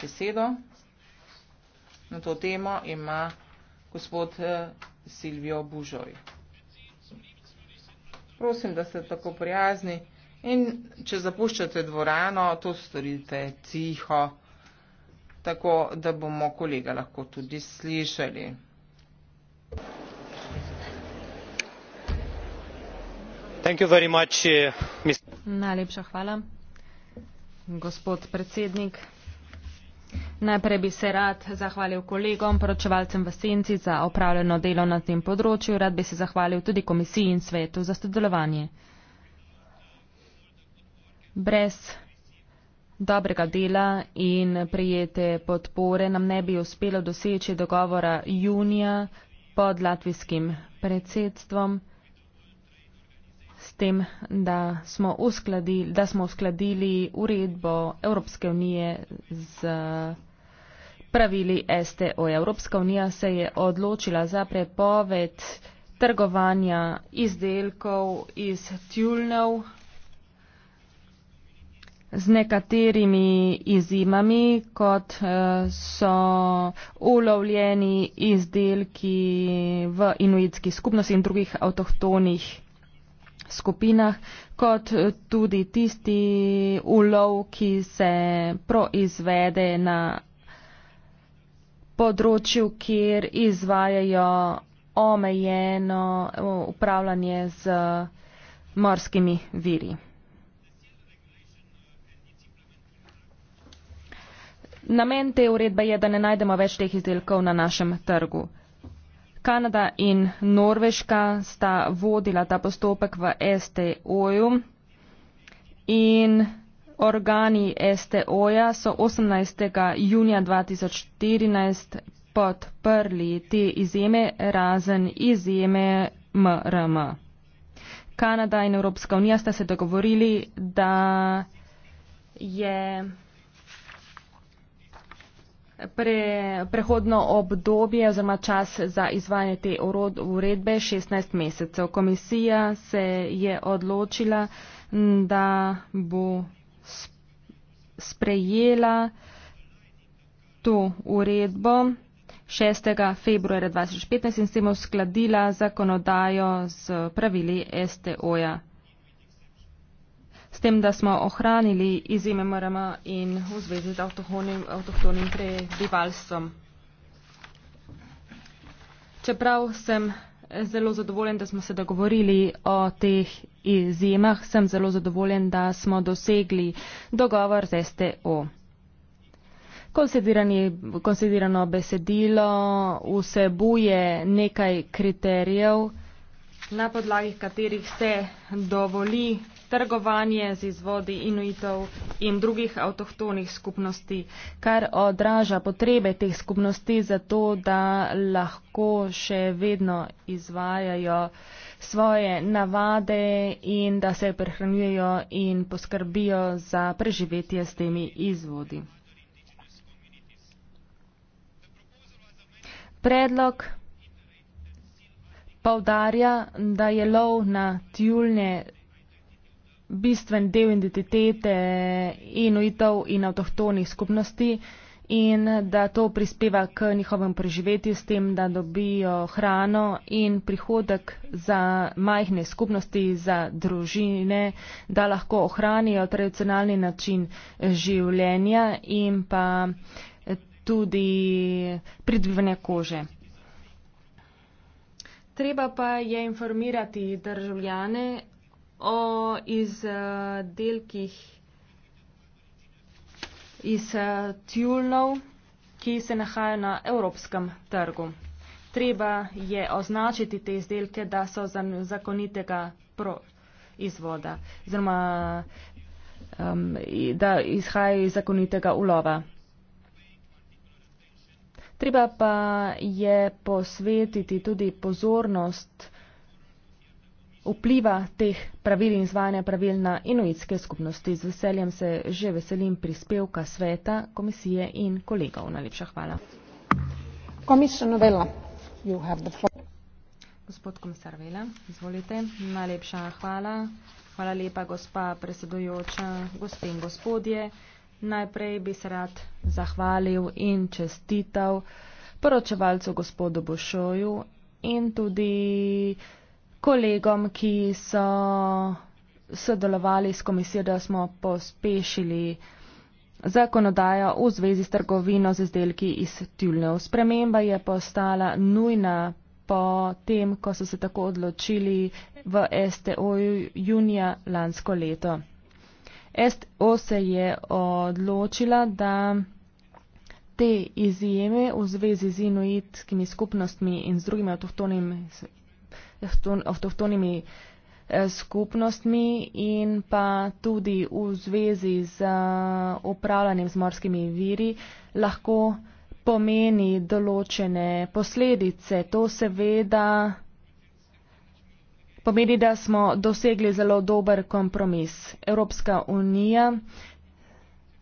besedo. Na to temo ima gospod eh, Silvio Bužoj. Prosim, da ste tako prijazni in če zapuščate dvorano, to storite tiho, tako da bomo kolega lahko tudi slišali. Eh, Najlepša hvala, gospod predsednik. Najprej bi se rad zahvalil kolegom, poročevalcem v Senci za opravljeno delo na tem področju. Rad bi se zahvalil tudi komisiji in svetu za sodelovanje. Brez dobrega dela in prijete podpore nam ne bi uspelo doseči dogovora junija pod latvijskim predsedstvom s tem, da smo, uskladili, da smo uskladili uredbo Evropske unije z pravili STO. Evropska unija se je odločila za prepoved trgovanja izdelkov iz tjulnov z nekaterimi izjimami, kot eh, so ulovljeni izdelki v inuitski skupnosti in drugih avtohtonih skupinah, kot eh, tudi tisti ulov, ki se proizvede na področju, kjer izvajajo omejeno eh, upravljanje z eh, morskimi viri. Namen te uredbe je, da ne najdemo več teh izdelkov na našem trgu. Kanada in Norveška sta vodila ta postopek v STO-ju in Organi STO-ja so 18. junija 2014 podprli te izjeme razen izjeme MRM. Kanada in Evropska unija sta se dogovorili, da je pre, prehodno obdobje oziroma čas za izvajanje te uredbe 16 mesecev. Komisija se je odločila, da bo sprejela to uredbo 6. februarja 2015 in s tem uskladila zakonodajo z pravili STO-ja. S tem, da smo ohranili izime MRM in v zvezi z avtohtonim prebivalstvom. Čeprav sem zelo zadovoljen, da smo se dogovorili o teh izjemah sem zelo zadovoljen, da smo dosegli dogovor z STO. Konsedirano besedilo vsebuje nekaj kriterijev, na podlagih katerih se dovoli trgovanje z izvodi inuitov in drugih avtohtonih skupnosti, kar odraža potrebe teh skupnosti za to, da lahko še vedno izvajajo uh, svoje navade in da se prehranjujejo in poskrbijo za preživetje s temi izvodi. Predlog povdarja, da je lov na tjulnje bistven del identitete inuitov in avtohtonih skupnosti in da to prispeva k njihovem preživetju s tem, da dobijo hrano in prihodek za majhne skupnosti, za družine, da lahko ohranijo tradicionalni način življenja in pa tudi pridobivanje kože. Treba pa je informirati državljane o izdelkih, uh, iz eh, tjulnov, ki se nahajajo na evropskem trgu. Treba je označiti te izdelke, da so zakonitega izvoda, oziroma um, da izhajajo iz zakonitega ulova. Treba pa je posvetiti tudi pozornost, vpliva teh pravil in zvanja pravil na inuitske skupnosti. Z veseljem se že veselim prispevka sveta, komisije in kolegov. Najlepša hvala. Gospod komisar Vela, izvolite. Najlepša hvala. Hvala lepa, gospa predsedujoča, gospe in gospodje. Najprej bi se rad zahvalil in čestital poročevalcu gospodu Bošoju in tudi kolegom, ki so sodelovali s komisijo, da smo pospešili zakonodajo v zvezi s trgovino z izdelki iz tjulnev. Sprememba je postala nujna po tem, ko so se tako odločili v STO junija lansko leto. STO se je odločila, da te izjeme v zvezi z inuitskimi skupnostmi in z drugimi avtohtonimi avtohtonimi eh, skupnostmi in pa tudi v zvezi z eh, upravljanjem z morskimi viri lahko pomeni določene posledice. To seveda pomeni, da smo dosegli zelo dober kompromis. Evropska unija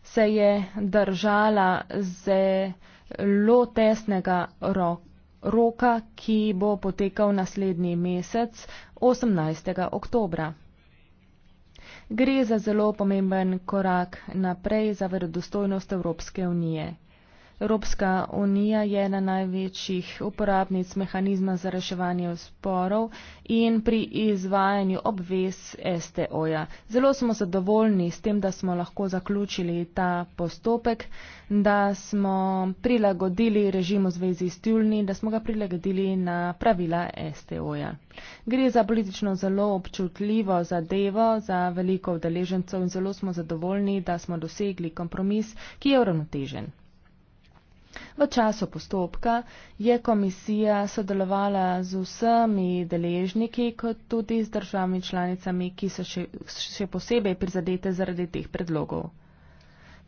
se je držala zelo tesnega roka roka, ki bo potekal naslednji mesec, 18. oktobra. Gre za zelo pomemben korak naprej za verodostojnost Evropske unije. Evropska unija je ena največjih uporabnic mehanizma za reševanje sporov in pri izvajanju obvez STO-ja. Zelo smo zadovoljni s tem, da smo lahko zaključili ta postopek, da smo prilagodili režim v zvezi s tjulni, da smo ga prilagodili na pravila STO-ja. Gre za politično zelo občutljivo zadevo za veliko udeležencev in zelo smo zadovoljni, da smo dosegli kompromis, ki je uravnotežen. V času postopka je komisija sodelovala z vsemi deležniki, kot tudi z državami članicami, ki so še, še posebej prizadete zaradi teh predlogov.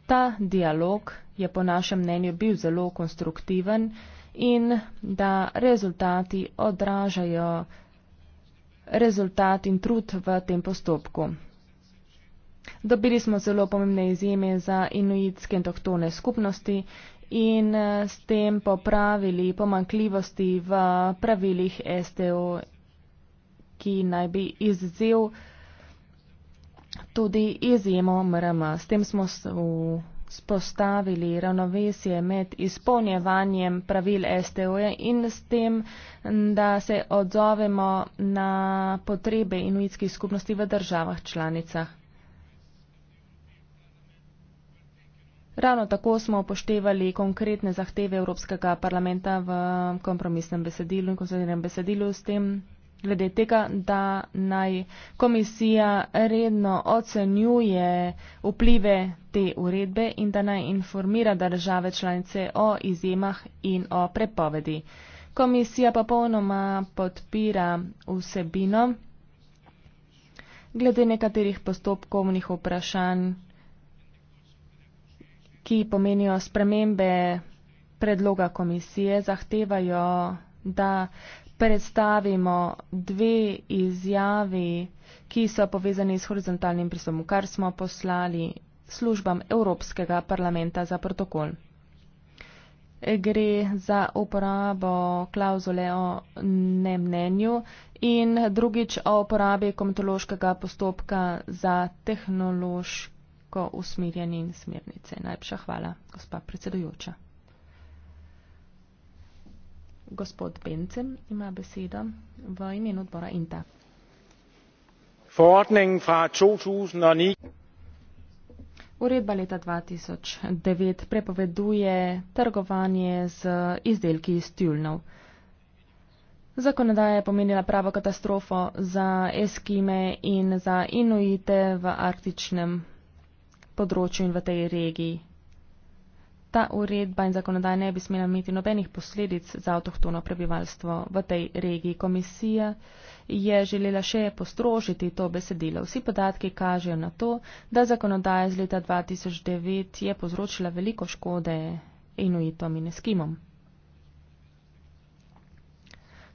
Ta dialog je po našem mnenju bil zelo konstruktiven in da rezultati odražajo rezultat in trud v tem postopku. Dobili smo zelo pomembne izjeme za inuitske in tohtone skupnosti in eh, s tem popravili pomankljivosti v pravilih STO, ki naj bi izzel tudi izjemo MRM. S tem smo spostavili ravnovesje med izpolnjevanjem pravil STO in s tem, da se odzovemo na potrebe inuitskih skupnosti v državah članicah. Ravno tako smo upoštevali konkretne zahteve Evropskega parlamenta v kompromisnem besedilu in konzervnem besedilu s tem, glede tega, da naj komisija redno ocenjuje vplive te uredbe in da naj informira države članice o izjemah in o prepovedi. Komisija popolnoma podpira vsebino glede nekaterih postopkovnih vprašanj ki pomenijo spremembe predloga komisije, zahtevajo, da predstavimo dve izjavi, ki so povezani s horizontalnim pristopom, kar smo poslali službam Evropskega parlamenta za protokol. Gre za uporabo klauzule o nemnenju in drugič o uporabi komitološkega postopka za tehnološki nekako usmerjeni in smernice. Najlepša hvala, gospa predsedujoča. Gospod Bencem ima besedo v imenu odbora INTA. Uredba leta 2009 prepoveduje trgovanje z izdelki iz tjulnov. Zakonodaja je pomenila pravo katastrofo za Eskime in za Inuite v arktičnem področju in v tej regiji. Ta uredba in zakonodaj ne bi smela imeti nobenih posledic za avtohtono prebivalstvo v tej regiji. Komisija je želela še postrožiti to besedilo. Vsi podatki kažejo na to, da zakonodaja z leta 2009 je povzročila veliko škode inuitom in eskimom.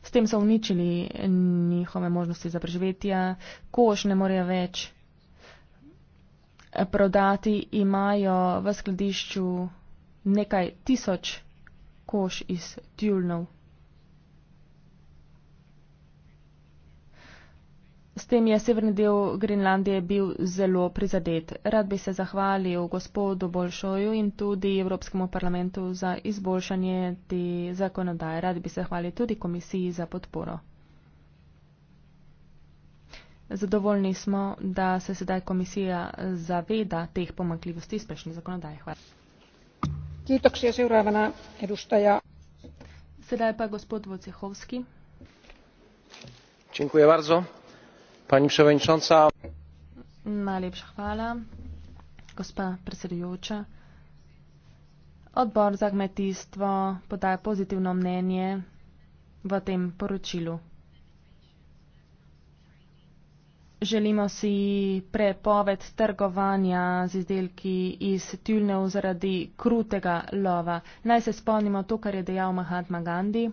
S tem so uničili njihove možnosti za preživetje, kož ne morejo več prodati, imajo v skladišču nekaj tisoč koš iz tjulnov. S tem je severni del Grenlandije bil zelo prizadet. Rad bi se zahvalil gospodu Bolšoju in tudi Evropskemu parlamentu za izboljšanje te zakonodaje. Rad bi se zahvalil tudi komisiji za podporo. Zadovoljni smo, da se sedaj komisija zaveda teh pomakljivosti spešne zakonodaje. Hvala. Kiitoksia seuraavana edustaja. Sedajpa gospod Vocehovski. Dziękuję bardzo. Pani przewodnicząca. Najlepsza chwala. Gospa predsedujoča. Odbor za kmetijstvo podaja pozitivno mnenje v tem poročilu. Želimo si prepoved trgovanja z izdelki iz tjulnev zaradi krutega lova. Naj se spomnimo to, kar je dejal Mahatma Gandhi.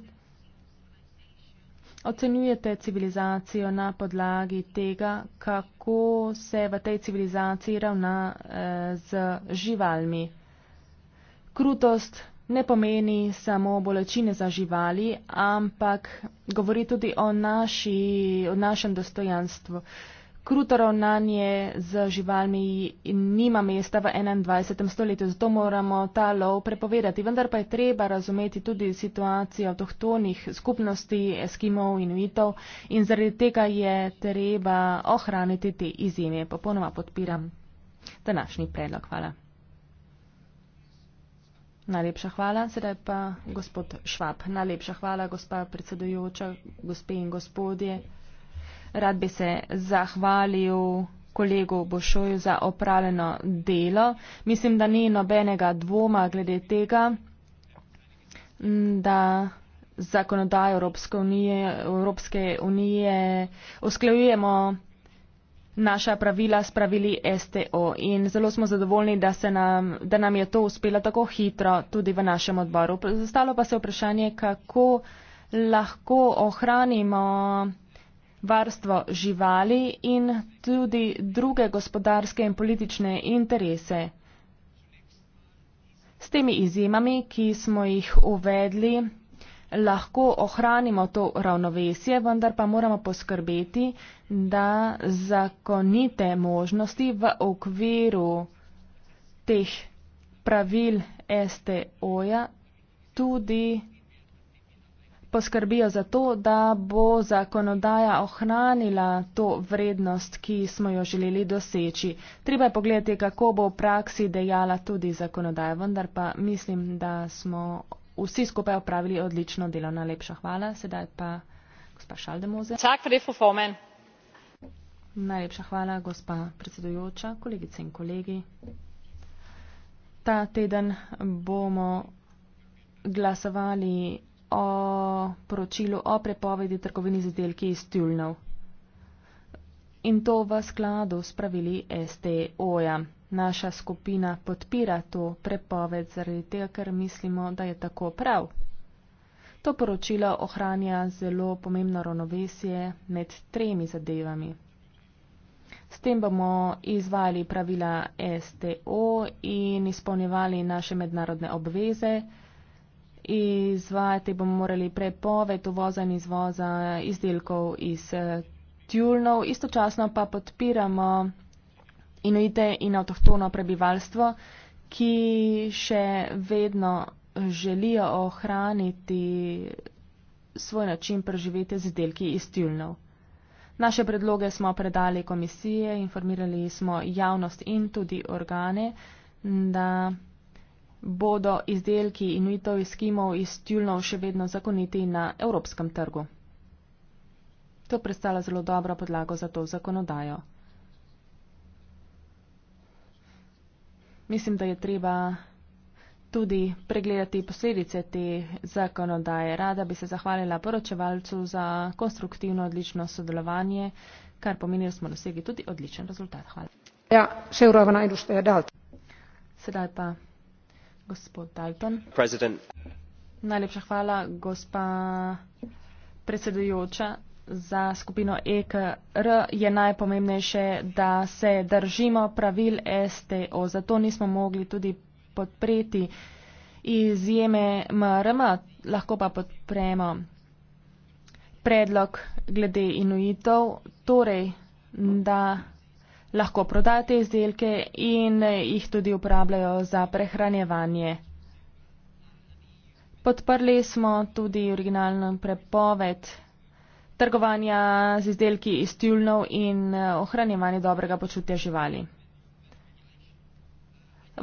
Ocenjujete civilizacijo na podlagi tega, kako se v tej civilizaciji ravna eh, z živalmi. Krutost ne pomeni samo bolečine za živali, ampak govori tudi o, naši, o našem dostojanstvu. Kruto ravnanje z živalmi nima mesta v 21. stoletju, zato moramo ta lov prepovedati. Vendar pa je treba razumeti tudi situacijo avtohtonih skupnosti Eskimov in Uitov in zaradi tega je treba ohraniti te izjeme. Popolnoma podpiram današnji predlog. Hvala. Najlepša hvala. Sedaj pa gospod Švab. Najlepša hvala, gospa predsedujoča, gospe in gospodje. Rad bi se zahvalil kolegu Bošoju za opravljeno delo. Mislim, da ni nobenega dvoma glede tega, da zakonodajo Evropske unije, Evropske unije usklajujemo naša pravila s pravili STO in zelo smo zadovoljni, da, nam, da nam je to uspelo tako hitro tudi v našem odboru. Zastalo pa se vprašanje, kako lahko ohranimo varstvo živali in tudi druge gospodarske in politične interese. S temi izjemami, ki smo jih uvedli lahko ohranimo to ravnovesje, vendar pa moramo poskrbeti, da zakonite možnosti v okviru teh pravil STO-ja tudi poskrbijo za to, da bo zakonodaja ohranila to vrednost, ki smo jo želeli doseči. Treba je pogledati, kako bo v praksi dejala tudi zakonodaja, vendar pa mislim, da smo vsi skupaj opravili odlično delo. Najlepša hvala. Sedaj pa gospa Šaldemoze. Čak, prefu fomen. Najlepša hvala, gospa predsedujoča, kolegice in kolegi. Ta teden bomo glasovali o poročilu o prepovedi trgovini z izdelki iz tjulnov. In to v skladu s pravili STO-ja naša skupina podpira to prepoved, zaradi tega, ker mislimo, da je tako prav. To poročilo ohranja zelo pomembno ravnovesje med tremi zadevami. S tem bomo izvali pravila STO in izpolnjevali naše mednarodne obveze. Izvajati bomo morali prepoved uvoza in izvoza izdelkov iz eh, tjulnov. Istočasno pa podpiramo inuite in avtohtono prebivalstvo, ki še vedno želijo ohraniti svoj način preživetja z izdelki iz tjulnov. Naše predloge smo predali komisije, informirali smo javnost in tudi organe, da bodo izdelki inuitov iz skimov iz tjulnov še vedno zakoniti na evropskem trgu. To predstavlja zelo dobro podlago za to zakonodajo. mislim, da je treba tudi pregledati posledice te zakonodaje. Rada bi se zahvalila poročevalcu za konstruktivno odlično sodelovanje, kar pomeni, da smo dosegli tudi odličen rezultat. Hvala. Ja, še urova najdušte je dalt. Sedaj pa gospod Dalton. President. Najlepša hvala, gospa predsedujoča za skupino EKR je najpomembnejše, da se držimo pravil STO. Zato nismo mogli tudi podpreti izjeme MRM, lahko pa podpremo predlog glede inuitov, torej, da lahko prodajo te izdelke in jih tudi uporabljajo za prehranjevanje. Podprli smo tudi originalno prepoved trgovanja z izdelki iz tjulnov in eh, ohranjevanje dobrega počutja živali.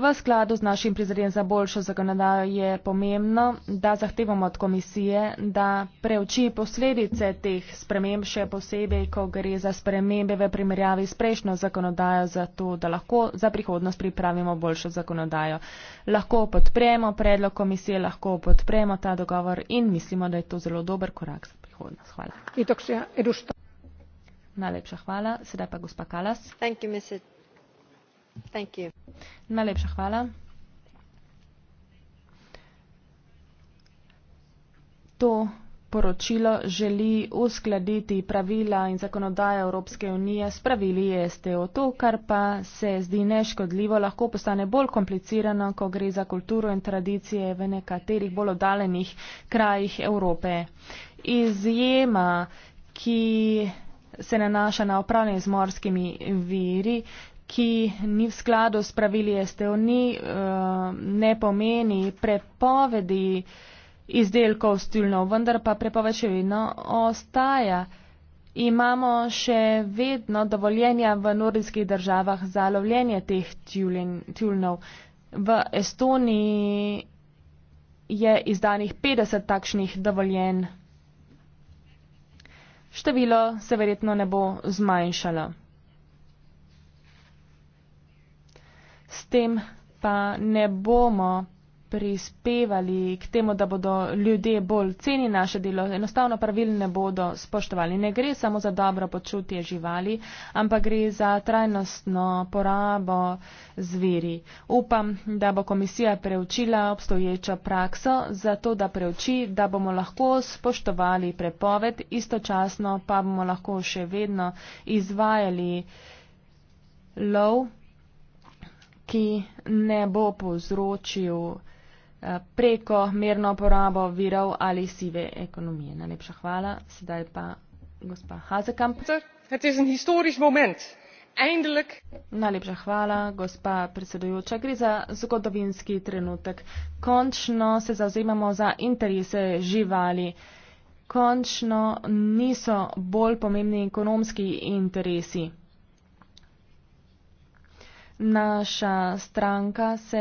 V skladu z našim prizadevanjem za boljšo zakonodajo je pomembno, da zahtevamo od komisije, da preuči posledice teh sprememb, še posebej, ko gre za spremembe v primerjavi s prejšnjo zakonodajo, zato da lahko za prihodnost pripravimo boljšo zakonodajo. Lahko podpremo predlog komisije, lahko podpremo ta dogovor in mislimo, da je to zelo dober korak prihodnost. Hvala. Najlepša hvala. Sedaj pa gospa Kalas. Thank you, Thank you. Najlepša hvala. To poročilo želi uskladiti pravila in zakonodaje Evropske unije s pravili STO. To, kar pa se zdi neškodljivo, lahko postane bolj komplicirano, ko gre za kulturo in tradicije v nekaterih bolj oddaljenih krajih Evrope. Izjema, ki se nanaša na upravljanje z morskimi viri, ki ni v skladu s pravili STO, ni, eh, ne pomeni prepovedi izdelkov stilno, vendar pa prepoved še vedno ostaja. Imamo še vedno dovoljenja v nordijskih državah za lovljenje teh tjulnov. V Estoniji je izdanih 50 takšnih dovoljenj. Število se verjetno ne bo zmanjšalo. S tem pa ne bomo prispevali k temu, da bodo ljudje bolj ceni naše delo, enostavno pravil ne bodo spoštovali. Ne gre samo za dobro počutje živali, ampak gre za trajnostno porabo zveri. Upam, da bo komisija preučila obstoječo prakso, zato da preuči, da bomo lahko spoštovali prepoved, istočasno pa bomo lahko še vedno izvajali lov ki ne bo povzročil preko merno porabo virov ali sive ekonomije. Najlepša hvala. Sedaj pa gospa Hazekamp. Het is een historisch moment. Eindelijk. Najlepša hvala, gospa predsedujoča. Gre za zgodovinski trenutek. Končno se zauzemamo za interese živali. Končno niso bolj pomembni ekonomski interesi. Naša stranka se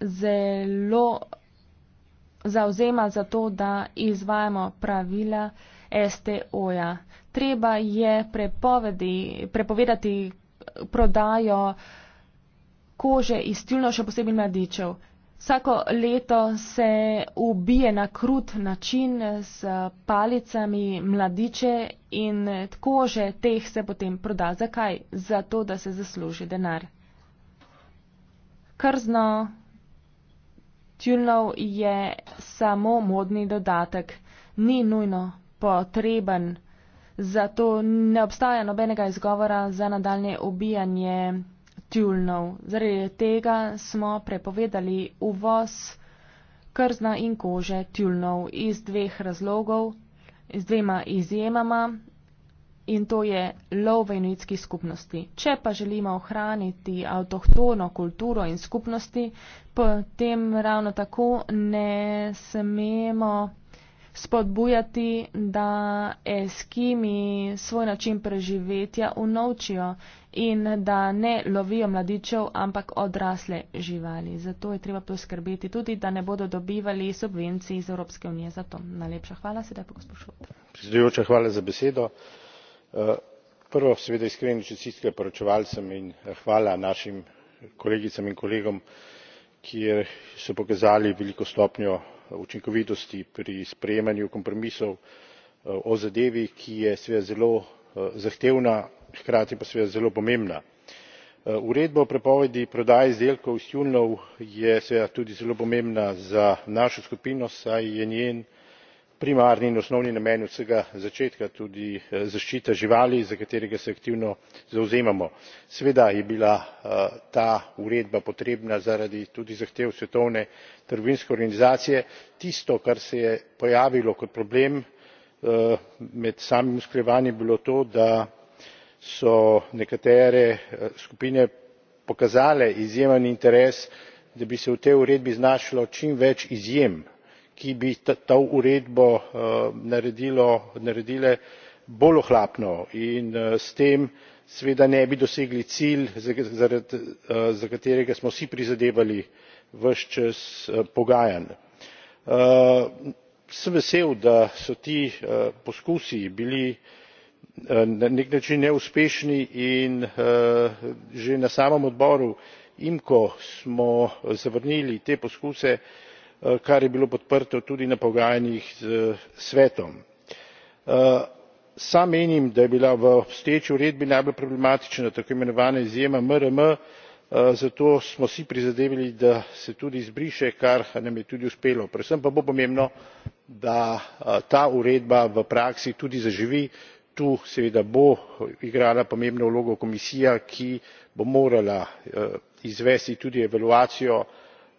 zelo zauzema za to, da izvajamo pravila STO-ja. Treba je prepovedati prodajo kože iz tilno, še posebej mladičev. Vsako leto se ubije na krut način s palicami mladiče in kože teh se potem proda. Zakaj? Zato, da se zasluži denar. Krzno. Tjulnov je samo modni dodatek, ni nujno potreben, zato ne obstaja nobenega izgovora za nadaljne ubijanje tjulnov. Zaradi tega smo prepovedali uvoz krzna in kože tjulnov iz dveh razlogov, z dvema izjemama in to je lov v inuitski skupnosti. Če pa želimo ohraniti avtohtono kulturo in skupnosti, potem ravno tako ne smemo spodbujati, da eskimi svoj način preživetja unovčijo in da ne lovijo mladičev, ampak odrasle živali. Zato je treba poskrbeti tudi, da ne bodo dobivali subvencij iz Evropske unije. Zato najlepša hvala, sedaj pa gospod Šot. Hvala za besedo prvo seveda iskrene čestitke poročevalcem in eh, hvala našim kolegicam in kolegom ki so pokazali veliko stopnjo eh, učinkovitosti pri sprejemanju kompromisov eh, o zadevi ki je seveda zelo zahtevna hkrati pa seveda zelo pomembna. uredba o prepovedi prodaje izdelkov iz tjulnjev je seveda tudi zelo pomembna za našo skupino saj je njen primarni in osnovni namen od vsega začetka tudi eh, zaščita živali za katerega se aktivno zavzemamo. seveda je bila eh, ta uredba potrebna zaradi tudi zahtev svetovne trgovinske organizacije tisto kar se je pojavilo kot problem eh, med samim usklajevanjem je bilo to da so nekatere skupine pokazale izjemen interes da bi se v tej uredbi znašlo čim več izjem ki bi to uredbo eh, naredile bolj ohlapno in eh, s tem seveda ne bi dosegli cilj za eh, katerega smo si prizadevali ves čas pogajanj. sem vesel da so ti poskusi bili na nek način neuspešni in že na samem odboru imco smo zavrnili te poskuse Eh, kar je bilo podprto tudi na pogajanjih s eh, svetom. Eh, sam menim da je bila v obstoječi uredbi najbolj problematična tako imenovana izjema mrm zato smo si prizadevali da se tudi izbriše kar nam je tudi uspelo. predvsem pa bo pomembno da ta uredba v praksi tudi zaživi tu seveda bo igrala pomembno vlogo komisija ki bo morala izvesti tudi evalvacijo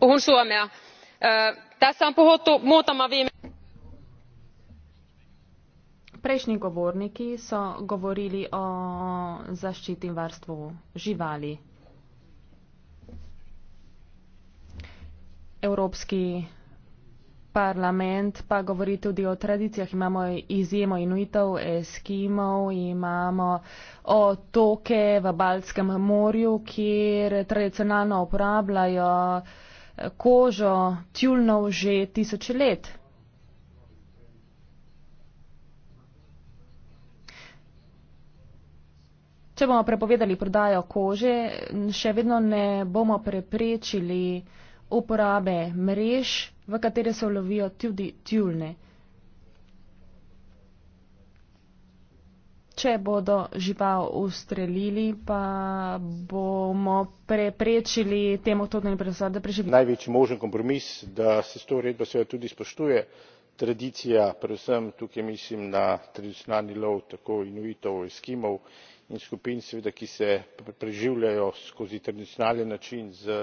puhun suomea tässä on puhuttu muutama viime. prejšnji govorniki so govorili o zaščiti varstvu živali. evropski parlament pa govori tudi o tradicijah. Imamo izjemo inuitov, eskimov, imamo otoke v Balskem morju, kjer tradicionalno uporabljajo kožo tjulnov že tisoče let. Če bomo prepovedali prodajo kože, še vedno ne bomo preprečili uporabe mrež, v katere se lovijo tudi tjulne. Če bodo žival ustrelili, pa bomo preprečili temu totalni predstav, da preživi. Največji možen kompromis, da se s to uredbo seveda tudi spoštuje tradicija, predvsem tukaj mislim na tradicionalni lov tako inuitov, eskimov in skupin, seveda, ki se preživljajo skozi tradicionalni način z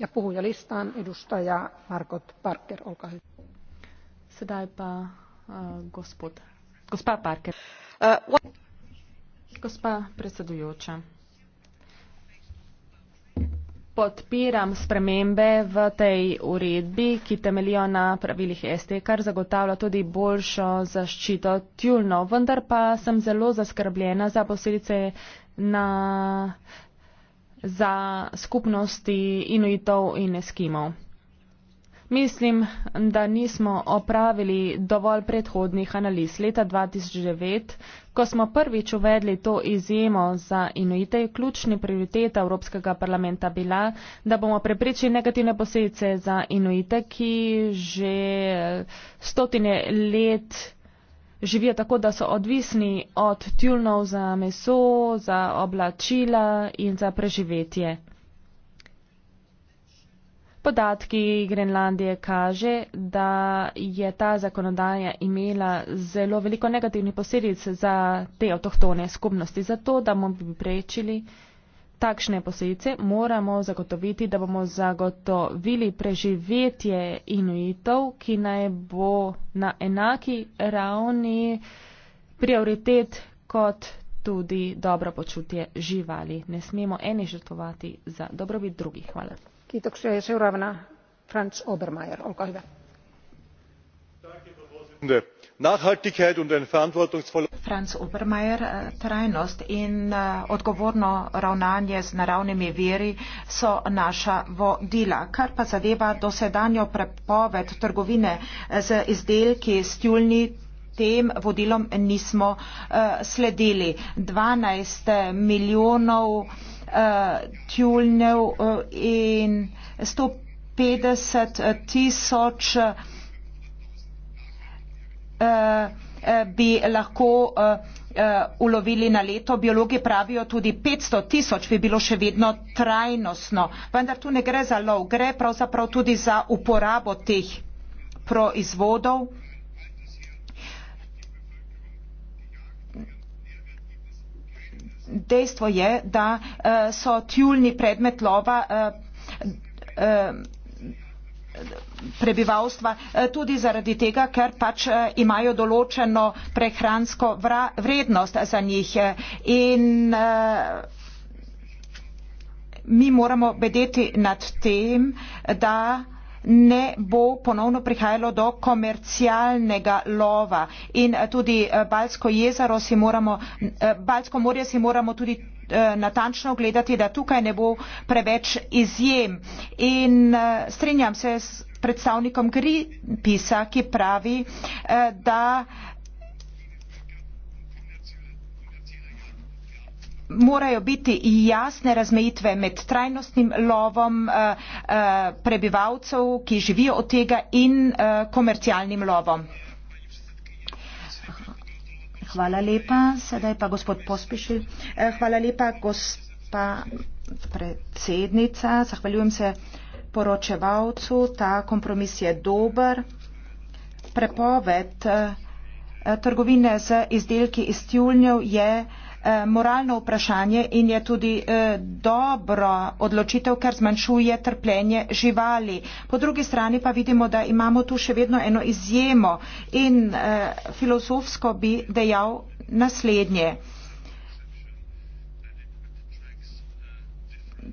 Ja puhujalistaan edustaja margot parker olkaa hyvä. Sedaj pa uh, gospod, gospa Parker. Uh, gospa predsedujoča, podpiram spremembe v tej uredbi, ki temelijo na pravilih ST, kar zagotavlja tudi boljšo zaščito tjulno, vendar pa sem zelo zaskrbljena za posledice na za skupnosti inuitov in eskimov. Mislim, da nismo opravili dovolj predhodnih analiz. Leta 2009, ko smo prvič uvedli to izjemo za inuite, je ključni prioriteta Evropskega parlamenta bila, da bomo preprečili negativne posledice za inuite, ki že stotine let živijo tako, da so odvisni od tjulnov za meso, za oblačila in za preživetje. Podatki Grenlandije kaže, da je ta zakonodaja imela zelo veliko negativnih posledic za te avtohtone skupnosti, zato da bomo priprečili, takšne posledice, moramo zagotoviti, da bomo zagotovili preživetje inuitov, ki naj bo na enaki ravni prioritet kot tudi dobro počutje živali. Ne smemo eni žrtvovati za dobrobit drugih. Hvala. Ja, Franz Obermeier, olkaa hyvä nachhaltigkeit und ein verantwortungsvoller. franz obermayr eh, trajnost in eh, odgovorno ravnanje z naravnimi viri so naša vodila. kar pa zadeva dosedanjo prepoved trgovine eh, z izdelki s tjulnji tem vodilom nismo sledili. dvanajst milijonov tjulnjev in sto petdeset tisoč Eh, bi lahko eh, eh, ulovili na leto. Biologi pravijo tudi 500 tisoč bi bilo še vedno trajnostno. Vendar tu ne gre za lov, gre pravzaprav tudi za uporabo teh proizvodov. Dejstvo je, da so tjulni predmet lova prebivalstva, eh, tudi zaradi tega, ker pač eh, imajo določeno prehransko vrednost za njih. Eh, in mi moramo vedeti nad tem, da ne bo ponovno prihajalo do komercialnega lova. In tudi Balsko jezero si moramo, Balsko morje si moramo tudi Eh, natančno gledati, da tukaj ne bo preveč izjem. In eh, strinjam se s predstavnikom Greenpeacea, ki pravi, eh, da morajo biti jasne razmejitve med trajnostnim lovom prebivalcev, ki živijo od tega, in komercialnim lovom. Hvala lepa. Sedaj pa gospod Pospišil. Eh, hvala lepa, gospa predsednica. Zahvaljujem se poročevalcu. Ta kompromis je dober. Prepoved eh, trgovine z izdelki iz tjulnjev je Eh, moralno vprašanje in je tudi eh, dobro odločitev, ker zmanjšuje trpljenje živali. Po drugi strani pa vidimo, da imamo tu še vedno eno izjemo in eh, filozofsko bi dejal naslednje.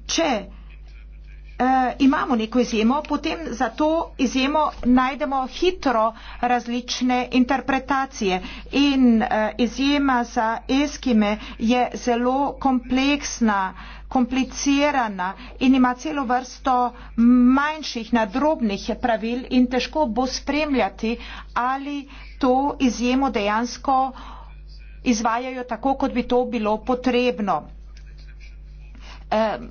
Če Eh, imamo neko izjemo, potem za to izjemo najdemo hitro različne interpretacije. In uh, izjema za eskime je zelo kompleksna, komplicirana in ima celo vrsto manjših, nadrobnih pravil in težko bo spremljati, ali to izjemo dejansko izvajajo tako, kot bi to bilo potrebno. Um,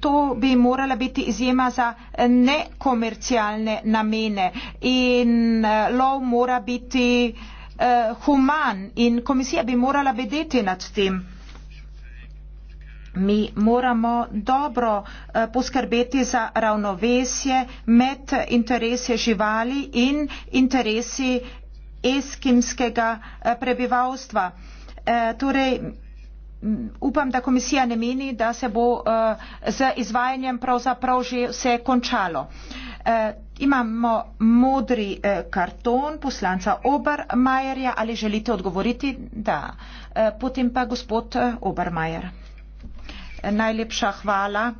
to bi morala biti izjema za nekomercialne namene in eh, lov mora biti eh, human in komisija bi morala vedeti nad tem. Mi moramo dobro eh, poskrbeti za ravnovesje med interesi živali in interesi eskimskega prebivalstva. Torej, Mm, upam, da komisija ne meni, da se bo eh, z izvajanjem pravzaprav že vse končalo. Eh, imamo modri eh, karton poslanca Obermajerja. Ali želite odgovoriti? Da. Potem pa gospod Obermajer. Najlepša hvala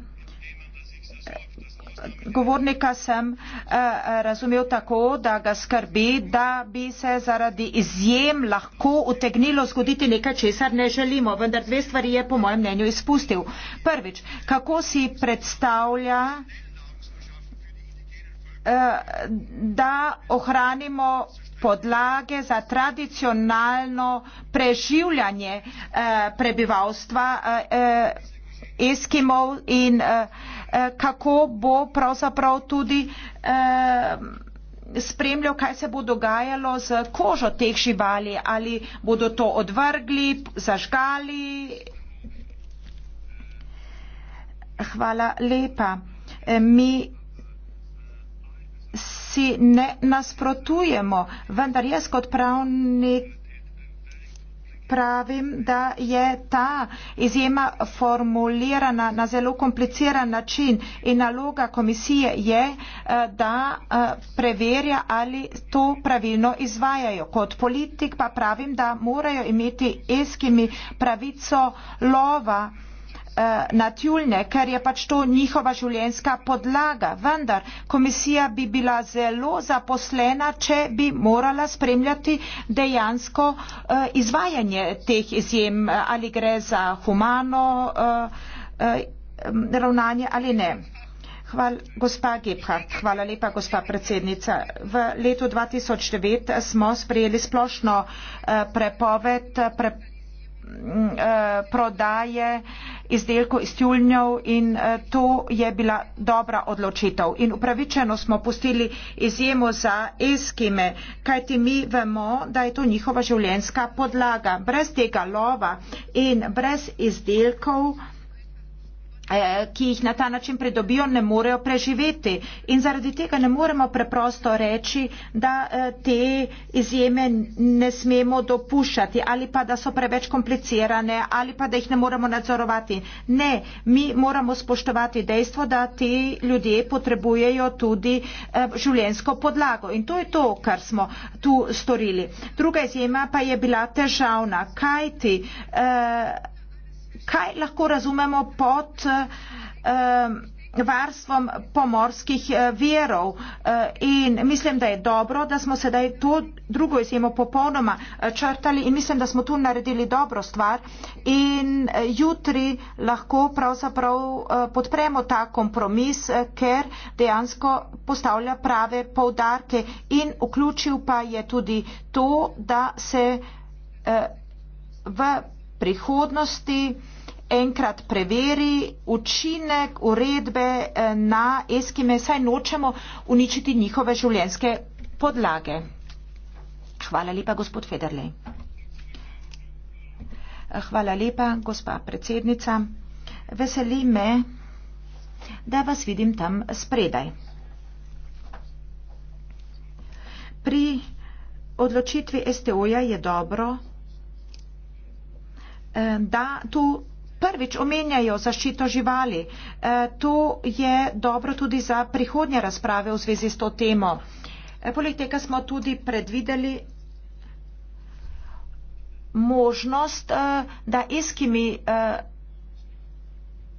govornika sem eh, razumel tako, da ga skrbi, da bi se zaradi izjem lahko utegnilo zgoditi nekaj, česar ne želimo, vendar dve stvari je po mojem mnenju izpustil. Prvič, kako si predstavlja, eh, da ohranimo podlage za tradicionalno preživljanje eh, prebivalstva Eskimov in eh, eh, kako bo pravzaprav tudi eh, spremljal, kaj se bo dogajalo z kožo teh živali, ali bodo to odvrgli, zažgali. Hvala lepa. Eh, mi si ne nasprotujemo, vendar jaz kot pravnik pravim, da je ta izjema formulirana na zelo kompliciran način in naloga komisije je, eh, da eh, preverja, ali to pravilno izvajajo. Kot politik pa pravim, da morajo imeti eskimi pravico lova. Eh, na tjulnje, ker je pač to njihova življenjska podlaga. Vendar komisija bi bila zelo zaposlena, če bi morala spremljati dejansko eh, izvajanje teh izjem, ali gre za humano eh, ravnanje ali ne. Hvala, gospa Gebhardt. Hvala lepa, gospa predsednica. V letu 2009 smo sprejeli splošno prepoved, prepoved Eh, prodaje izdelkov iz tjulnjev in eh, to je bila dobra odločitev. In upravičeno smo pustili izjemo za eskime, kajti mi vemo, da je to njihova življenjska podlaga. Brez tega lova in brez izdelkov Eh, ki jih na ta način pridobijo, ne morejo preživeti. In zaradi tega ne moremo preprosto reči, da eh, te izjeme ne smemo dopuščati ali pa da so preveč komplicirane ali pa da jih ne moremo nadzorovati. Ne, mi moramo spoštovati dejstvo, da ti ljudje potrebujejo tudi eh, življensko podlago. In to je to, kar smo tu storili. Druga izjema pa je bila težavna. Kaj ti? Uh, kaj lahko razumemo pod eh, varstvom pomorskih eh, verov. Eh, in mislim, da je dobro, da smo sedaj to drugo izjemo popolnoma eh, črtali in mislim, da smo tu naredili dobro stvar in jutri lahko pravzaprav podpremo ta kompromis, ker dejansko postavlja prave povdarke in vključil pa je tudi to, da se eh, v prihodnosti enkrat preveri učinek uredbe eh, na Eskime, saj nočemo uničiti njihove življenjske podlage. Hvala lepa, gospod Federlej. Eh, hvala lepa, gospa predsednica. Veseli me, da vas vidim tam spredaj. Pri odločitvi STO-ja je dobro, Eh, da tu prvič omenjajo zaščito živali. Eh, to je dobro tudi za prihodnje razprave v zvezi s to temo. Eh, poleg tega smo tudi predvideli možnost, da eskimi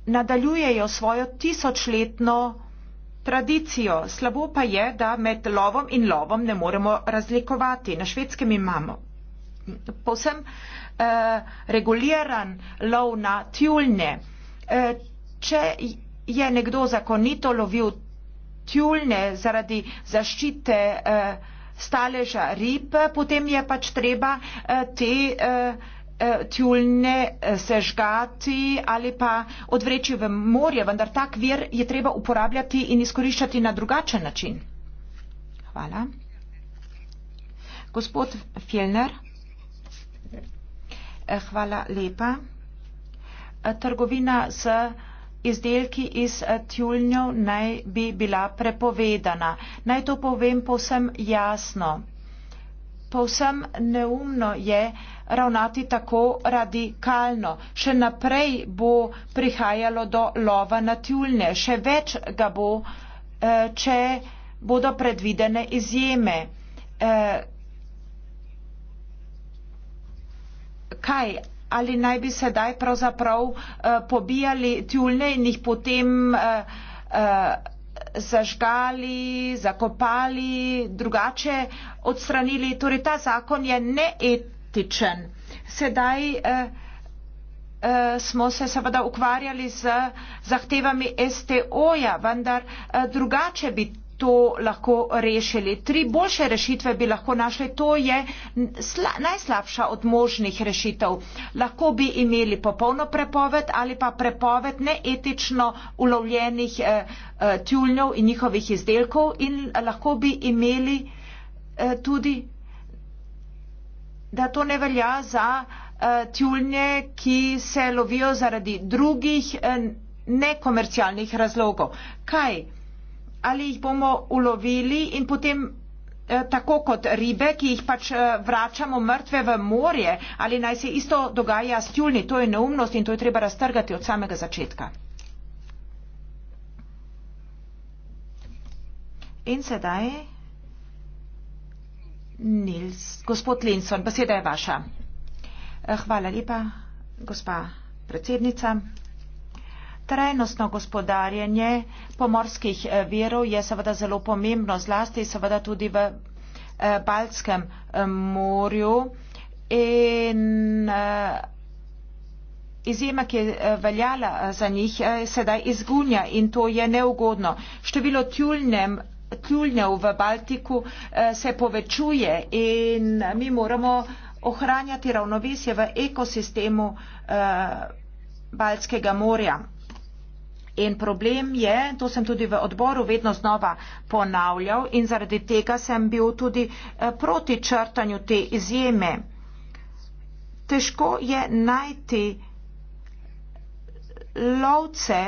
nadaljujejo svojo tisočletno tradicijo. Slabo pa je, da med lovom in lovom ne moremo razlikovati. Na švedskem imamo posem. Eh, reguliran lov na tjulne. Eh, če je nekdo zakonito lovil tjulne zaradi zaščite eh, staleža rib, potem je pač treba te tjulne sežgati ali pa odvreči v morje, vendar tak vir je treba uporabljati in izkoriščati na drugačen način. Hvala. Gospod Fjellner. Eh, hvala lepa. Eh, trgovina z izdelki iz eh, tjulnjev naj bi bila prepovedana. Naj to povem povsem jasno. Povsem neumno je ravnati tako radikalno. Še naprej bo prihajalo do lova na tjulne. Še več ga bo, če bodo predvidene izjeme. kaj, ali naj bi sedaj pravzaprav eh, pobijali tjulne in jih potem eh, eh, zažgali, zakopali, drugače odstranili. Torej, ta zakon je neetičen. Sedaj eh, eh, smo se seveda ukvarjali z zahtevami STO-ja, vendar eh, drugače bi to lahko rešili. Tri boljše rešitve bi lahko našli, to je sla, najslabša od možnih rešitev. Lahko bi imeli popolno prepoved ali pa prepoved neetično ulovljenih eh, eh, tjulnjev in njihovih izdelkov in lahko bi imeli eh, tudi, da to ne velja za eh, tjulnje, ki se lovijo zaradi drugih eh, nekomercialnih razlogov. Kaj? ali jih bomo ulovili in potem eh, tako kot ribe, ki jih pač eh, vračamo mrtve v morje, ali naj se isto dogaja s tjulni. To je neumnost in to je treba raztrgati od samega začetka. In sedaj Nils, gospod Linson, beseda je vaša. Eh, hvala lepa, gospa predsednica. Trajnostno gospodarjenje pomorskih eh, verov je seveda zelo pomembno, zlasti seveda tudi v eh, Baltskem eh, morju. In izjema, ki je veljala za njih, sedaj izgunja in to je neugodno. Število tjulnjev v Baltiku se povečuje in mi moramo ohranjati ravnovesje v ekosistemu Baltskega morja. In problem je, to sem tudi v odboru vedno znova ponavljal in zaradi tega sem bil tudi eh, proti črtanju te izjeme. Težko je najti lovce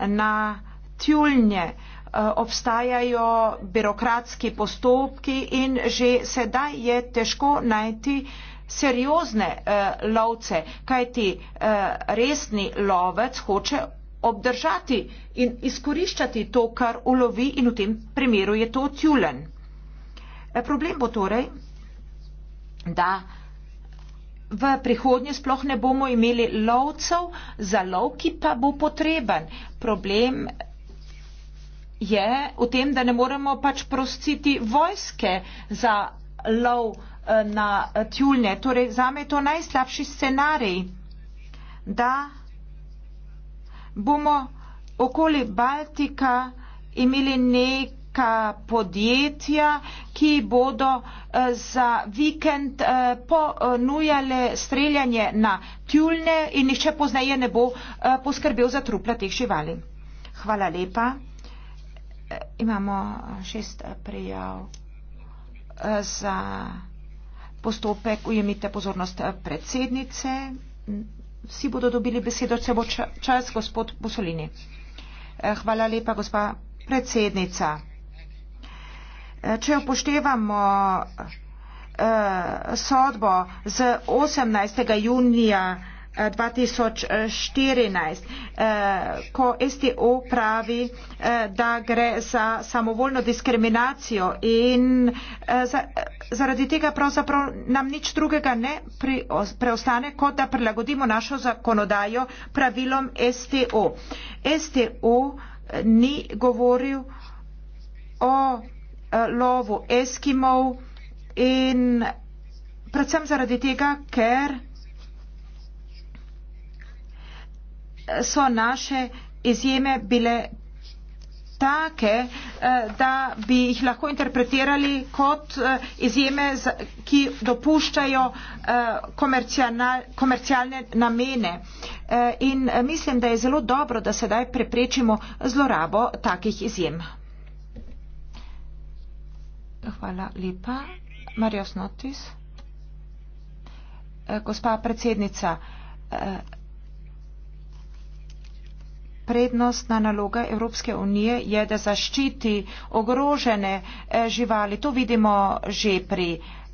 na tjulnje. Eh, obstajajo birokratski postopki in že sedaj je težko najti seriozne eh, lovce, kajti eh, resni lovec hoče obdržati in izkoriščati to, kar ulovi in v tem primeru je to tjulen. E, problem bo torej, da v prihodnje sploh ne bomo imeli lovcev za lov, ki pa bo potreben. Problem je v tem, da ne moremo pač prostiti vojske za lov. Eh, na tjulne. Torej, zame je to najslabši scenarij, da bomo okoli Baltika imeli neka podjetja, ki bodo eh, za vikend eh, ponujale streljanje na tjulne in nišče poznaje ne bo poskrbel za trupla teh živali. Hvala lepa. Imamo šest prijav za. Uh, postopek, ujemite pozornost eh, predsednice. Vsi bodo dobili besedo, če bo čas, gospod Busolini. Eh, hvala lepa, gospa predsednica. Eh, če upoštevamo sodbo z 18. junija 2014, ko STO pravi, da gre za samovoljno diskriminacijo in za zaradi tega pravzaprav nam nič drugega ne preostane, kot da prilagodimo našo zakonodajo pravilom STO. STO eh, ni govoril o eh, lovu Eskimov in predvsem zaradi tega, ker eh, so naše izjeme bile take, eh, da bi jih lahko interpretirali kot eh, izjeme, ki dopuščajo eh, komercialne namene. In mislim, da je zelo dobro, da sedaj preprečimo zlorabo takih izjem. Hvala lepa. Marijos Notis. Gospa predsednica prednostna naloga Evropske unije je, da zaščiti ogrožene eh, živali. To vidimo že pri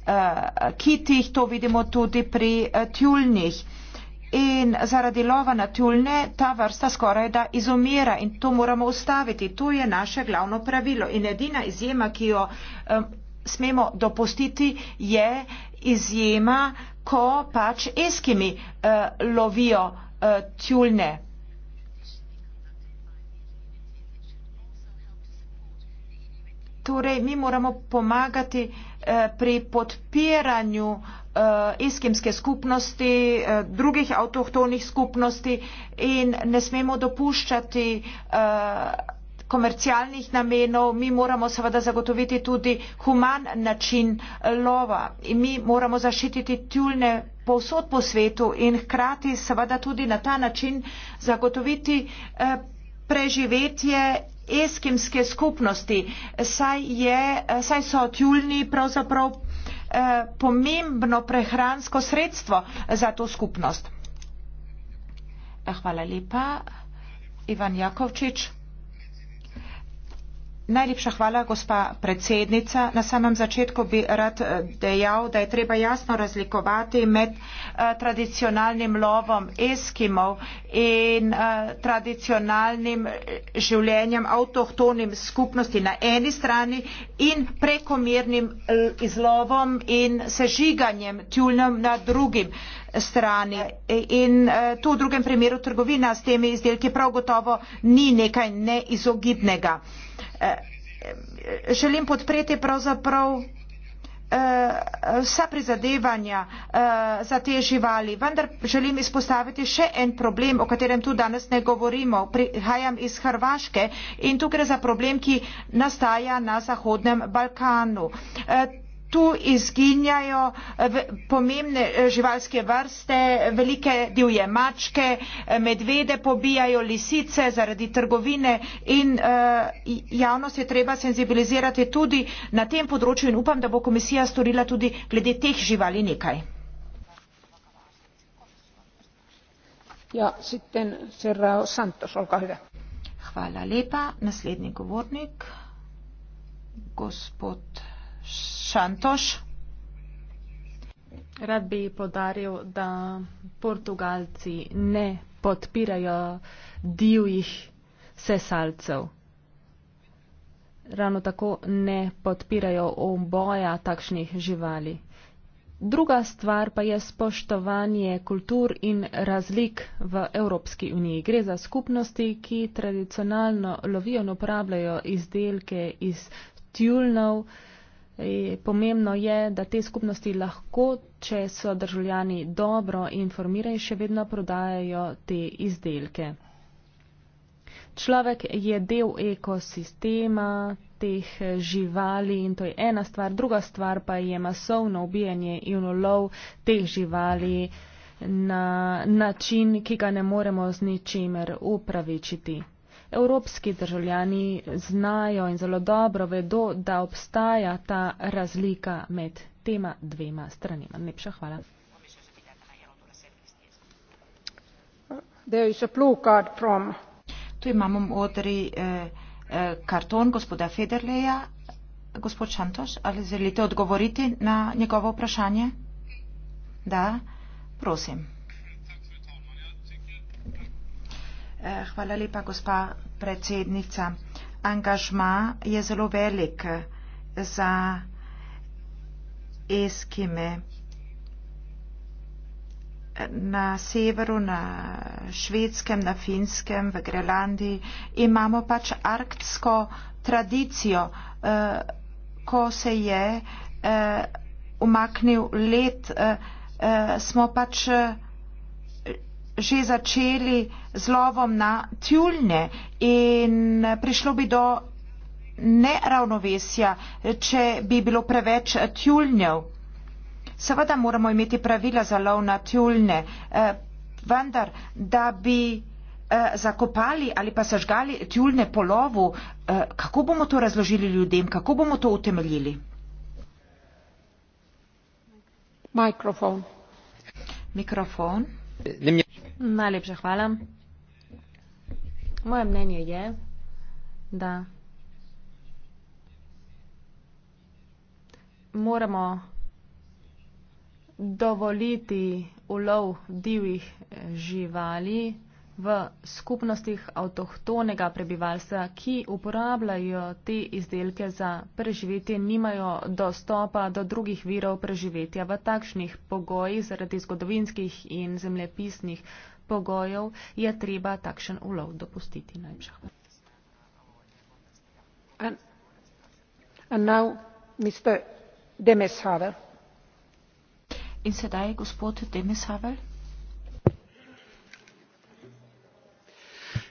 eh, kitih, to vidimo tudi pri eh, tjulnih. In zaradi lova na tjulne ta vrsta skoraj da izumira in to moramo ustaviti. To je naše glavno pravilo. In edina izjema, ki jo smemo dopustiti, je izjema, ko pač eskimi lovijo tjulne. Torej, mi moramo pomagati eh, pri podpiranju eh, iskimske skupnosti, eh, drugih avtohtonih skupnosti in ne smemo dopuščati komercialnih namenov, mi moramo seveda zagotoviti tudi human način lova in mi moramo zaščititi tjulne povsod po svetu in hkrati seveda tudi na ta način zagotoviti preživetje eskimske skupnosti, saj, je, saj so tjulni pravzaprav eh, pomembno prehransko sredstvo za to skupnost. Eh, hvala lepa. Ivan Jakovčič. Najlepša hvala, gospa predsednica. Na samem začetku bi rad eh, dejal, da je treba jasno razlikovati med eh, tradicionalnim lovom eskimov in eh, tradicionalnim življenjem avtohtonim skupnosti na eni strani in prekomernim izlovom in sežiganjem tjulnjem na drugim strani. In tu v drugem primeru trgovina s temi izdelki prav gotovo ni nekaj neizogibnega. Eh, eh, želim podpreti pravzaprav eh, vsa prizadevanja za te živali. Vendar želim izpostaviti še en problem, o katerem tu danes ne govorimo. Prihajam iz Hrvaške in tu gre za problem, ki nastaja na Zahodnem Balkanu tu izginjajo eh, pomembne eh, živalske vrste, velike divje mačke, eh, medvede pobijajo lisice zaradi trgovine in javnost je treba senzibilizirati tudi na tem področju in upam, da bo komisija storila tudi glede teh živali nekaj. Ja, sitten Serrao Santos, olkaa hyvä. Hvala lepa. Naslednji govornik, gospod Šantoš. Rad bi podaril, da Portugalci ne podpirajo divjih sesalcev. Ravno tako ne podpirajo oboja takšnih živali. Druga stvar pa je spoštovanje kultur in razlik v Evropski uniji. Gre za skupnosti, ki tradicionalno lovijo in upravljajo izdelke iz tjulnov. E, pomembno je, da te skupnosti lahko, če so državljani dobro informirani, še vedno prodajajo te izdelke. Človek je del ekosistema teh živali in to je ena stvar. Druga stvar pa je masovno ubijanje in ulov teh živali na način, ki ga ne moremo z ničimer upravičiti evropski državljani znajo in zelo dobro vedo, da obstaja ta razlika med tema dvema stranima. Lepša hvala. Tu imamo modri eh, eh, karton gospoda Federleja. Gospod Šantoš, ali želite odgovoriti na njegovo vprašanje? Da, prosim. Eh, hvala lepa, gospa predsednica. Angažma je zelo velik eh, za Eskime. Na severu, na švedskem, na finskem, v Grelandiji imamo pač arktsko tradicijo, eh, ko se je umaknil let, smo pač že začeli z lovom na tjulnje in prišlo bi do neravnovesja, če bi bilo preveč tjulnjev. Seveda moramo imeti pravila za lov na tjulnje, eh, vendar, da bi eh, zakopali ali pa sažgali tjulne po lovu, eh, kako bomo to razložili ljudem, kako bomo to utemeljili? Mikrofon. Mikrofon. Najlepša hvala. Moje mnenje je, da moramo dovoliti ulov divjih živali, v skupnostih avtohtonega prebivalstva, ki uporabljajo te izdelke za preživetje, nimajo dostopa do drugih virov preživetja v takšnih pogojih zaradi zgodovinskih in zemljepisnih pogojev, je treba takšen ulov dopustiti. Najlepša hvala. In sedaj gospod Demeshavel.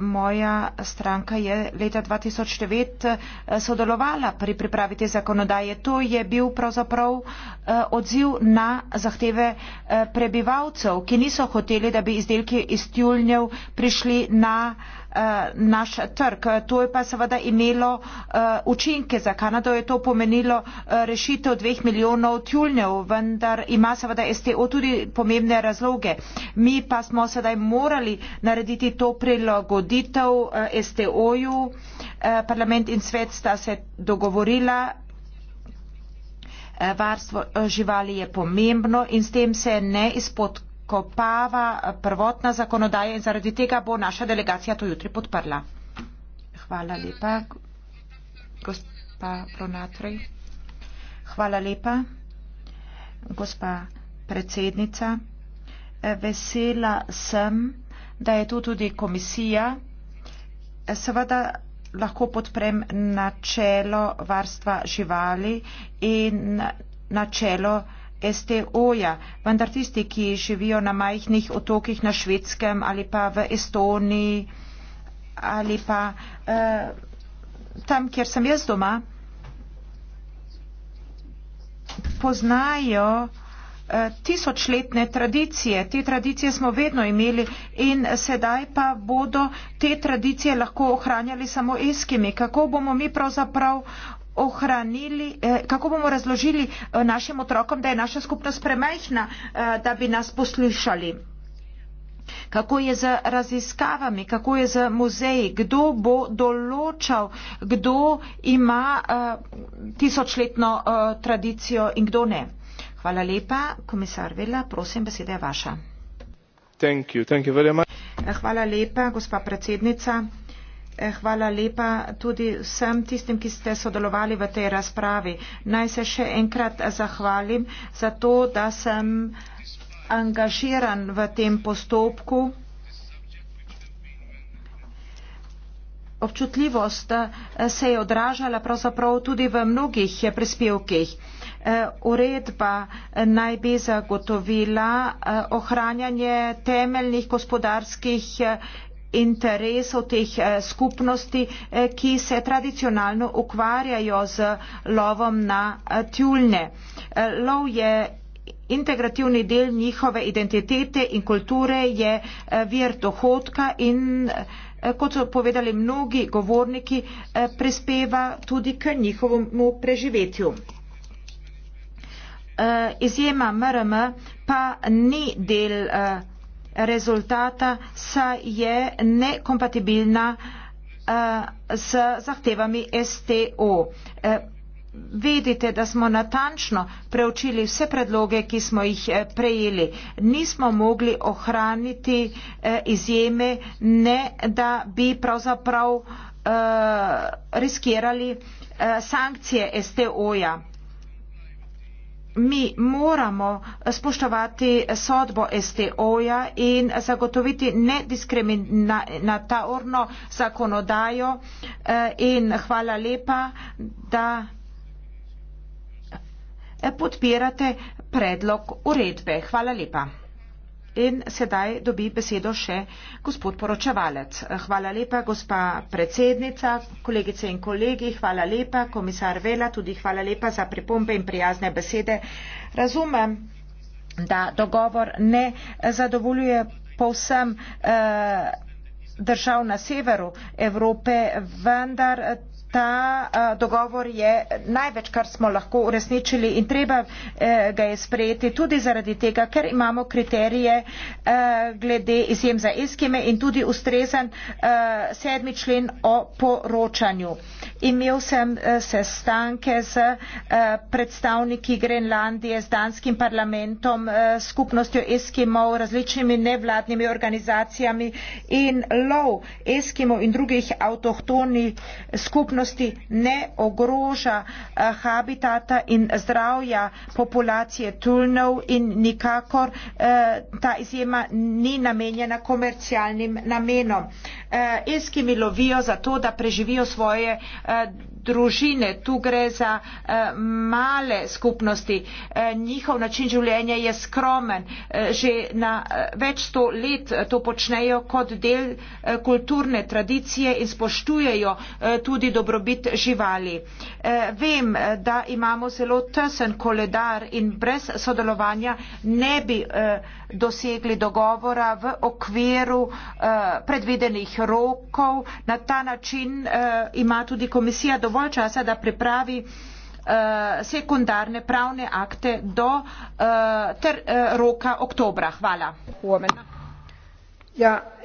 moja stranka je leta 2009 eh, sodelovala pri pripravi te zakonodaje. To je bil pravzaprav eh, odziv na zahteve eh, prebivalcev, ki niso hoteli, da bi izdelki iz tjulnjev prišli na uh, Eh, naš trg. To je pa seveda imelo eh, učinke za Kanado, je to pomenilo eh, rešitev dveh milijonov tjulnjev, vendar ima seveda STO tudi pomembne razloge. Mi pa smo sedaj morali narediti to prilagoditev STO-ju. Parlament in svet sta se dogovorila. Varstvo živali je pomembno in s tem se ne izpodkrati izkopava prvotna zakonodaja in zaradi tega bo naša delegacija to jutri podprla. Hvala lepa, gospa Pronatrej. Hvala lepa, gospa predsednica. Vesela sem, da je tu tudi komisija. Seveda lahko podprem načelo varstva živali in načelo STO-ja, vendar tisti, ki živijo na majhnih otokih na švedskem ali pa v Estoniji ali pa uh, tam, kjer sem jaz doma, poznajo eh, tisočletne tradicije. Te tradicije smo vedno imeli in sedaj pa bodo te tradicije lahko ohranjali samo eskimi. Kako bomo mi pravzaprav ohranili, eh, kako bomo razložili eh, našim otrokom, da je naša skupnost premajhna, eh, da bi nas poslušali. Kako je z raziskavami, kako je z muzeji, kdo bo določal, kdo ima uh, tisočletno uh, tradicijo in kdo ne. Hvala lepa, komisar Vela, prosim, beseda je vaša. Thank you. Thank you Hvala lepa, gospa predsednica. Eh, hvala lepa tudi vsem tistim, ki ste sodelovali v tej razpravi. Naj se še enkrat zahvalim za to, da sem angažiran v tem postopku. Občutljivost eh, se je odražala pravzaprav tudi v mnogih eh, prispevkih. Uredba naj bi zagotovila ohranjanje temeljnih gospodarskih interesov teh eh, skupnosti, eh, ki se tradicionalno ukvarjajo z lovom na eh, tjulne. Lov je integrativni del njihove identitete in kulture, je vir dohodka in kot so povedali mnogi govorniki, prispeva tudi k njihovemu preživetju. Izjema MRM pa ni del rezultata, saj je nekompatibilna uh, z zahtevami STO. Uh, eh, vidite, da smo natančno preučili vse predloge, ki smo jih eh, prejeli. Nismo mogli ohraniti uh, izjeme, ne da bi pravzaprav uh, riskirali uh, sankcije STO-ja. Mi moramo eh, spoštovati sodbo STO-ja in zagotoviti nediskriminatorno zakonodajo eh, in hvala lepa, da eh, podpirate predlog uredbe. Hvala lepa. In sedaj dobi besedo še gospod poročevalec. Hvala lepa, gospa predsednica, kolegice in kolegi, hvala lepa, komisar Vela, tudi hvala lepa za pripombe in prijazne besede. Razumem, da dogovor ne zadovoljuje povsem eh, držav na severu Evrope, vendar. Eh, ta eh, dogovor je največ, kar smo lahko uresničili in treba eh, ga je sprejeti tudi zaradi tega, ker imamo kriterije eh, glede izjem za eskime in tudi ustrezen sedmi člen o poročanju. Imel sem sestanke z predstavniki Grenlandije, z danskim parlamentom, skupnostjo eskimov, različnimi nevladnimi organizacijami in lov eskimov in drugih avtohtoni skupnosti skupnosti ne ogroža eh, habitata in zdravja populacije tulnov in nikakor eh, ta izjema ni namenjena komercialnim namenom. Eskimi eh, lovijo zato, da preživijo svoje družine, tu gre za eh, male skupnosti. Eh, njihov način življenja je skromen. Eh, že na več sto let to počnejo kot del kulturne tradicije in spoštujejo tudi dobrobit živali. Vem, da imamo zelo tesen koledar in brez sodelovanja ne bi dosegli dogovora v okviru eh, predvidenih rokov. Na ta način eh, ima tudi komisija dovolj časa, da pripravi eh, sekundarne pravne akte do eh, ter, eh, roka oktobra. Hvala. Ja,